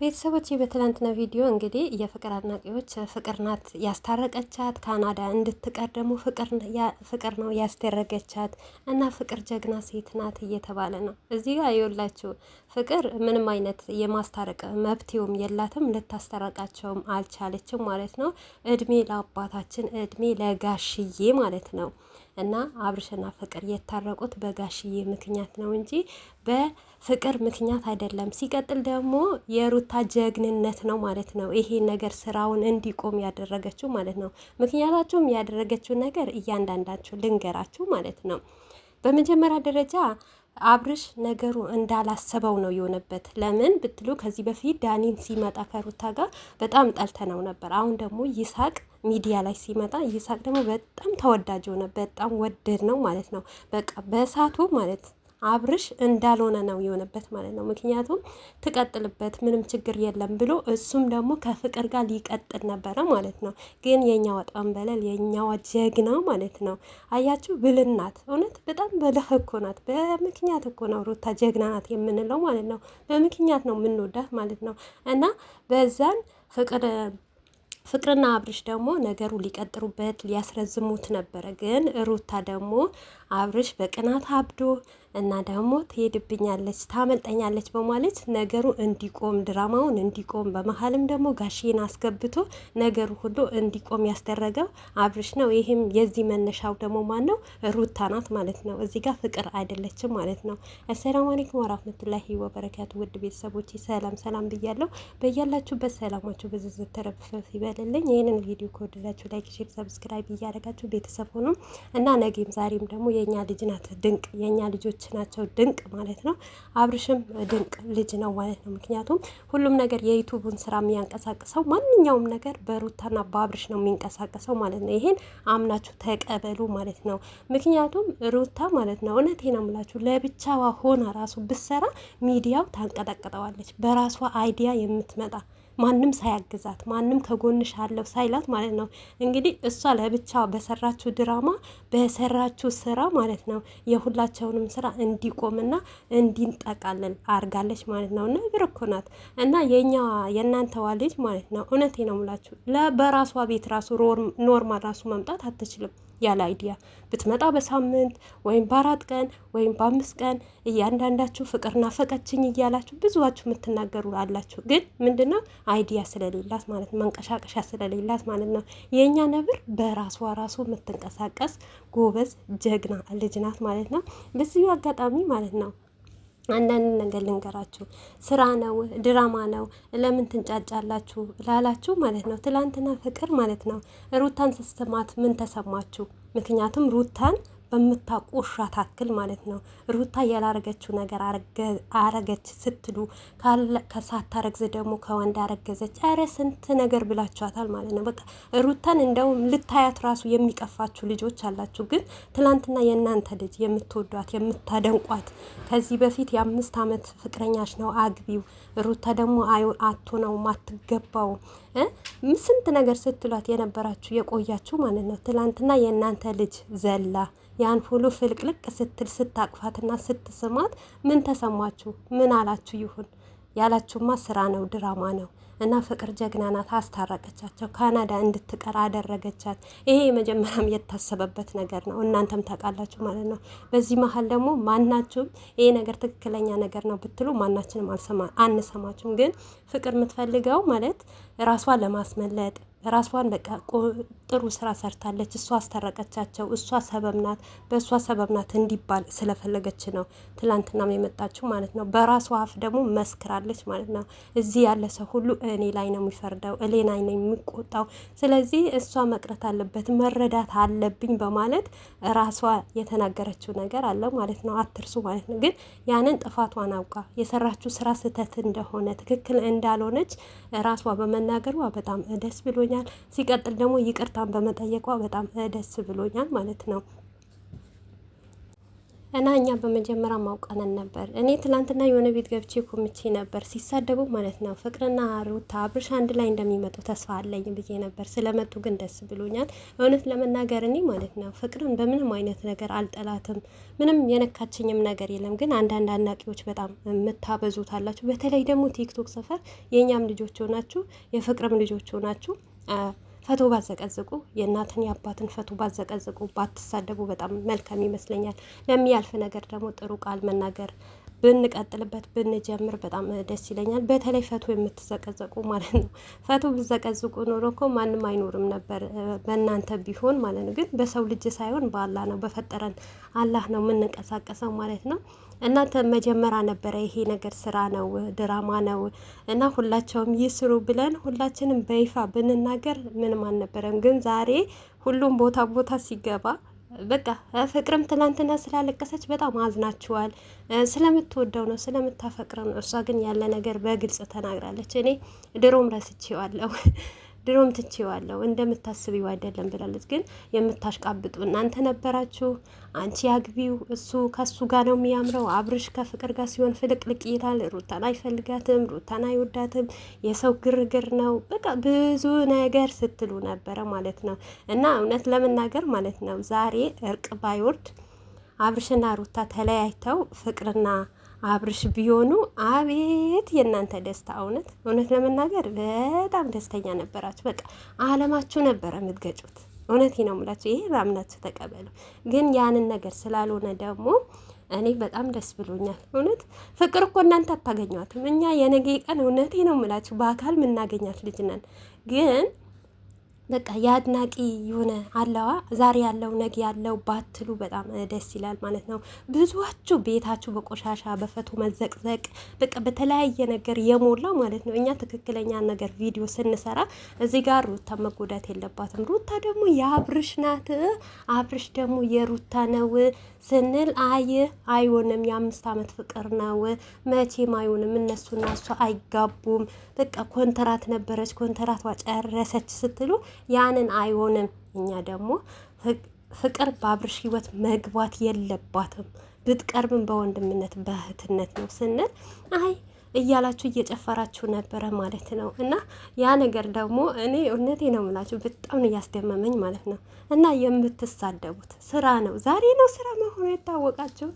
ቤተሰቦች በትላንትና ቪዲዮ እንግዲህ የፍቅር አድናቂዎች ፍቅር ናት ያስታረቀቻት፣ ካናዳ እንድትቀር ደግሞ ፍቅር ነው ያስደረገቻት እና ፍቅር ጀግና ሴት ናት እየተባለ ነው። እዚህ ጋር ይኸውላችሁ ፍቅር ምንም አይነት የማስታረቅ መብትውም የላትም፣ ልታስታረቃቸውም አልቻለችም ማለት ነው። እድሜ ለአባታችን እድሜ ለጋሽዬ ማለት ነው። እና አብርሽና ፍቅር የታረቁት በጋሽዬ ምክንያት ነው እንጂ በፍቅር ምክንያት አይደለም። ሲቀጥል ደግሞ የሩታ ጀግንነት ነው ማለት ነው ይሄ ነገር ስራውን እንዲቆም ያደረገችው ማለት ነው። ምክንያታችሁም ያደረገችው ነገር እያንዳንዳችሁ ልንገራችሁ ማለት ነው። በመጀመሪያ ደረጃ አብርሽ ነገሩ እንዳላሰበው ነው የሆነበት። ለምን ብትሉ ከዚህ በፊት ዳኒን ሲመጣ ከሩታ ጋር በጣም ጠልተነው ነበር። አሁን ደግሞ ይሳቅ ሚዲያ ላይ ሲመጣ ይሳቅ ደግሞ በጣም ተወዳጅ የሆነ በጣም ወደድ ነው ማለት ነው። በቃ በእሳቱ ማለት አብርሽ እንዳልሆነ ነው የሆነበት ማለት ነው። ምክንያቱም ትቀጥልበት ምንም ችግር የለም ብሎ እሱም ደግሞ ከፍቅር ጋር ሊቀጥል ነበረ ማለት ነው። ግን የኛዋ ጠንበለል የኛዋ ጀግና ማለት ነው። አያችሁ ብልናት እውነት በጣም በልህ እኮ ናት። በምክንያት እኮ ነው ሩታ ጀግና ናት የምንለው ማለት ነው። በምክንያት ነው የምንወዳት ማለት ነው። እና በዛን ፍቅር ፍቅርና አብርሽ ደግሞ ነገሩ ሊቀጥሩበት ሊያስረዝሙት ነበረ። ግን ሩታ ደግሞ አብርሽ በቅናት አብዶ እና ደግሞ ትሄድብኛለች፣ ታመልጠኛለች በማለት ነገሩ እንዲቆም ድራማውን እንዲቆም በመሀልም ደግሞ ጋሼን አስገብቶ ነገሩ ሁሉ እንዲቆም ያስደረገው አብርሽ ነው። ይህም የዚህ መነሻው ደግሞ ማን ነው? ሩታ ናት ማለት ነው። እዚህ ጋር ፍቅር አይደለችም ማለት ነው። አሰላሙ አለይኩም ወራህመቱላሂ ወበረካቱ። ውድ ቤተሰቦች ሰላም ሰላም ብያለሁ። በያላችሁበት ሰላማችሁ ብዙ ተረፍረፍ ይበልልኝ። ይህንን ቪዲዮ ከወደዳችሁ ላይክ፣ ሼር፣ ሰብስክራይብ እያደረጋችሁ ቤተሰብ ሆኑም እና ነገም ዛሬም ደግሞ የእኛ ልጅ ናት ድንቅ የእኛ ልጆች ናቸው። ድንቅ ማለት ነው። አብርሽም ድንቅ ልጅ ነው ማለት ነው። ምክንያቱም ሁሉም ነገር የዩቱቡን ስራ የሚያንቀሳቅሰው ማንኛውም ነገር በሩታና በአብርሽ ነው የሚንቀሳቀሰው ማለት ነው። ይሄን አምናችሁ ተቀበሉ ማለት ነው። ምክንያቱም ሩታ ማለት ነው እውነቴ ነው የምላችሁ ለብቻዋ ሆና ራሱ ብሰራ ሚዲያው ታንቀጠቅጠዋለች። በራሷ አይዲያ የምትመጣ ማንም ሳያግዛት ማንም ከጎንሽ አለው ሳይላት ማለት ነው። እንግዲህ እሷ ለብቻ በሰራችው ድራማ በሰራችው ስራ ማለት ነው የሁላቸውንም ስራ እንዲቆምና እንዲንጠቃለል አርጋለች ማለት ነው። ነብር እኮ ናት እና የኛ የእናንተዋ ልጅ ማለት ነው። እውነቴ ነው ሙላችሁ በራሷ ቤት ራሱ ኖርማል ራሱ መምጣት አትችልም ያለ አይዲያ ብትመጣ በሳምንት ወይም በአራት ቀን ወይም በአምስት ቀን እያንዳንዳችሁ ፍቅር ናፈቀችኝ እያላችሁ ብዙዋችሁ የምትናገሩ አላችሁ። ግን ምንድነው አይዲያ ስለሌላት ማለት ነው፣ መንቀሳቀሻ ስለሌላት ማለት ነው። የእኛ ነብር በራሷ ራሱ የምትንቀሳቀስ ጎበዝ ጀግና ልጅ ናት ማለት ነው። በዚሁ አጋጣሚ ማለት ነው አንዳንድ ነገር ልንገራችሁ። ስራ ነው ድራማ ነው ለምን ትንጫጫላችሁ ላላችሁ ማለት ነው ትላንትና ፍቅር ማለት ነው ሩታን ስስማት ምን ተሰማችሁ? ምክንያቱም ሩታን በምታውቁ ውሻ ታክል ማለት ነው። ሩታ ያላረገችው ነገር አረገች ስትሉ ከሳታረግዝ ደግሞ ከወንድ አረገዘች፣ አረ ስንት ነገር ብላችኋታል ማለት ነው። በቃ ሩታን እንደውም ልታያት ራሱ የሚቀፋችሁ ልጆች አላችሁ። ግን ትናንትና የእናንተ ልጅ የምትወዷት የምታደንቋት ከዚህ በፊት የአምስት ዓመት ፍቅረኛሽ ነው አግቢው፣ ሩታ ደግሞ አቶ ነው አትገባውም ስንት ነገር ስትሏት የነበራችሁ የቆያችሁ ማለት ነው። ትላንትና የእናንተ ልጅ ዘላ ያን ሁሉ ፍልቅልቅ ስትል ስታቅፋትና ስትስማት ምን ተሰማችሁ? ምን አላችሁ? ይሁን ያላችሁማ ስራ ነው፣ ድራማ ነው። እና ፍቅር ጀግና ናት። አስታረቀቻቸው፣ ካናዳ እንድትቀር አደረገቻት። ይሄ የመጀመሪያም የታሰበበት ነገር ነው። እናንተም ታውቃላችሁ ማለት ነው። በዚህ መሀል ደግሞ ማናችሁም ይሄ ነገር ትክክለኛ ነገር ነው ብትሉ ማናችንም አንሰማችሁም። ግን ፍቅር የምትፈልገው ማለት ራሷን ለማስመለጥ ራሷን በቃ ጥሩ ስራ ሰርታለች፣ እሷ አስተረቀቻቸው እሷ ሰበብ ናት፣ በእሷ ሰበብ ናት እንዲባል ስለፈለገች ነው ትላንትናም የመጣችው ማለት ነው። በራሷ አፍ ደግሞ መስክራለች ማለት ነው። እዚህ ያለ ሰው ሁሉ እኔ ላይ ነው የሚፈርደው፣ እኔ ላይ ነው የሚቆጣው፣ ስለዚህ እሷ መቅረት አለበት፣ መረዳት አለብኝ በማለት ራሷ የተናገረችው ነገር አለ ማለት ነው። አትርሱ ማለት ነው። ግን ያንን ጥፋቷን አውቃ የሰራችው ስራ ስህተት እንደሆነ ትክክል እንዳልሆነች ራሷ በመናገሯ በጣም ደስ ብሎኛል። ብሎኛል። ሲቀጥል ደግሞ ይቅርታን በመጠየቋ በጣም ደስ ብሎኛል ማለት ነው። እና እኛ በመጀመሪያ ማውቀነን ነበር። እኔ ትላንትና የሆነ ቤት ገብቼ ኮምቼ ነበር ሲሳደቡ ማለት ነው። ፍቅርና ሩታ አብርሽ አንድ ላይ እንደሚመጡ ተስፋ አለኝ ብዬ ነበር። ስለመጡ ግን ደስ ብሎኛል። እውነት ለመናገር እኔ ማለት ነው ፍቅርን በምንም አይነት ነገር አልጠላትም። ምንም የነካችኝም ነገር የለም። ግን አንዳንድ አድናቂዎች በጣም የምታበዙት አላችሁ። በተለይ ደግሞ ቲክቶክ ሰፈር የእኛም ልጆች ሆናችሁ የፍቅርም ልጆች ሆናችሁ ፈቶ ባዘቀዝቁ የእናትን የአባትን ፈቶ ባዘቀዝቁ ባትሳደቡ በጣም መልካም ይመስለኛል። ለሚያልፍ ነገር ደግሞ ጥሩ ቃል መናገር ብንቀጥልበት ብንጀምር በጣም ደስ ይለኛል። በተለይ ፈቶ የምትዘቀዘቁ ማለት ነው። ፈቶ ብዘቀዝቁ ኖሮ እኮ ማንም አይኖርም ነበር፣ በእናንተ ቢሆን ማለት ነው። ግን በሰው ልጅ ሳይሆን በአላህ ነው፣ በፈጠረን አላህ ነው የምንንቀሳቀሰው ማለት ነው። እናንተ መጀመሪያ ነበረ ይሄ ነገር ስራ ነው ድራማ ነው እና ሁላቸውም ይስሩ ብለን ሁላችንም በይፋ ብንናገር ምንም አልነበረም። ግን ዛሬ ሁሉም ቦታ ቦታ ሲገባ በቃ ፍቅርም ትናንትና ስላለቀሰች በጣም አዝናችኋል። ስለምትወደው ነው ስለምታፈቅረው ነው። እሷ ግን ያለ ነገር በግልጽ ተናግራለች። እኔ ድሮም ረስቼዋለሁ ድሮም ትቼዋለሁ እንደምታስቢው አይደለም ብላለች። ግን የምታሽቃብጡ እናንተ ነበራችሁ። አንቺ አግቢው፣ እሱ ከሱ ጋር ነው የሚያምረው። አብርሽ ከፍቅር ጋር ሲሆን ፍልቅልቅ ይላል። ሩታን አይፈልጋትም፣ ሩታን አይወዳትም። የሰው ግርግር ነው በቃ ብዙ ነገር ስትሉ ነበረ ማለት ነው። እና እውነት ለመናገር ማለት ነው ዛሬ እርቅ ባይወርድ አብርሽና ሩታ ተለያይተው ፍቅርና አብርሽ ቢሆኑ አቤት የእናንተ ደስታ! እውነት እውነት ለመናገር በጣም ደስተኛ ነበራችሁ። በቃ አለማችሁ ነበረ የምትገጩት። እውነት ነው የምላችሁ። ይሄ አምናችሁ ተቀበሉ። ግን ያንን ነገር ስላልሆነ ደግሞ እኔ በጣም ደስ ብሎኛል። እውነት ፍቅር እኮ እናንተ አታገኟትም። እኛ የነገ ቀን እውነቴ ነው የምላችሁ በአካል የምናገኛት ልጅ ነን ግን በቃ የአድናቂ የሆነ አለዋ ዛሬ ያለው ነግ ያለው ባትሉ በጣም ደስ ይላል ማለት ነው። ብዙዋችሁ ቤታችሁ በቆሻሻ በፈቶ መዘቅዘቅ በቃ በተለያየ ነገር የሞላው ማለት ነው። እኛ ትክክለኛ ነገር ቪዲዮ ስንሰራ እዚህ ጋር ሩታ መጎዳት የለባትም። ሩታ ደግሞ የአብርሽ ናት፣ አብርሽ ደግሞ የሩታ ነው ስንል አይ አይሆንም፣ የአምስት ዓመት ፍቅር ነው መቼም አይሆንም፣ እነሱና እሷ አይጋቡም፣ በቃ ኮንትራት ነበረች ኮንትራቷ ጨረሰች ስትሉ ያንን አይሆንም። እኛ ደግሞ ፍቅር በአብርሽ ህይወት መግባት የለባትም ብትቀርብም በወንድምነት በእህትነት ነው ስንል አይ እያላችሁ እየጨፈራችሁ ነበረ ማለት ነው። እና ያ ነገር ደግሞ እኔ እውነቴ ነው ምላችሁ በጣም ነው እያስደመመኝ ማለት ነው። እና የምትሳደቡት ስራ ነው፣ ዛሬ ነው ስራ መሆኑ የታወቃችሁ።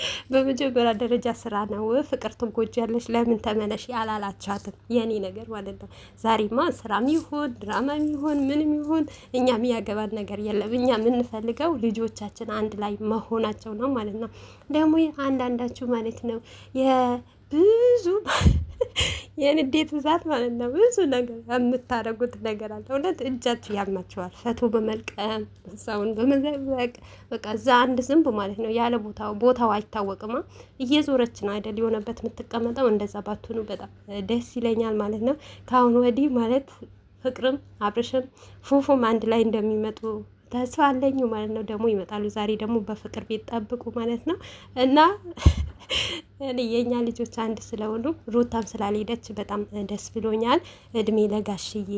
በመጀመሪያ ደረጃ ስራ ነው። ፍቅር ትጎጃለሽ፣ ለምን ተመለሽ ያላላችኋትም የኔ ነገር ማለት ነው። ዛሬማ ስራም ይሁን ድራማም ይሁን ምንም ይሁን እኛ የሚያገባን ነገር የለም። እኛ የምንፈልገው ልጆቻችን አንድ ላይ መሆናቸው ነው ማለት ነው። ደግሞ አንዳንዳችሁ ማለት ነው ብዙ የንዴት ብዛት ማለት ነው። ብዙ ነገር የምታደርጉት ነገር አለ። እውነት እጃችሁ ያማቸዋል። ፈቶ በመልቀም ሰውን በመዘበቅ በቃ እዛ አንድ ዝንብ ማለት ነው ያለ ቦታው ቦታው አይታወቅማ እየዞረች ነው አይደል የሆነበት የምትቀመጠው። እንደዛ ባትሆኑ በጣም ደስ ይለኛል ማለት ነው። ከአሁን ወዲህ ማለት ፍቅርም አብርሽም ፉፉም አንድ ላይ እንደሚመጡ ተስፋ አለኝ ማለት ነው። ደግሞ ይመጣሉ። ዛሬ ደግሞ በፍቅር ቤት ጠብቁ ማለት ነው እና የእኛ ልጆች አንድ ስለሆኑ ሩታም ስላልሄደች በጣም ደስ ብሎኛል። እድሜ ለጋሽዬ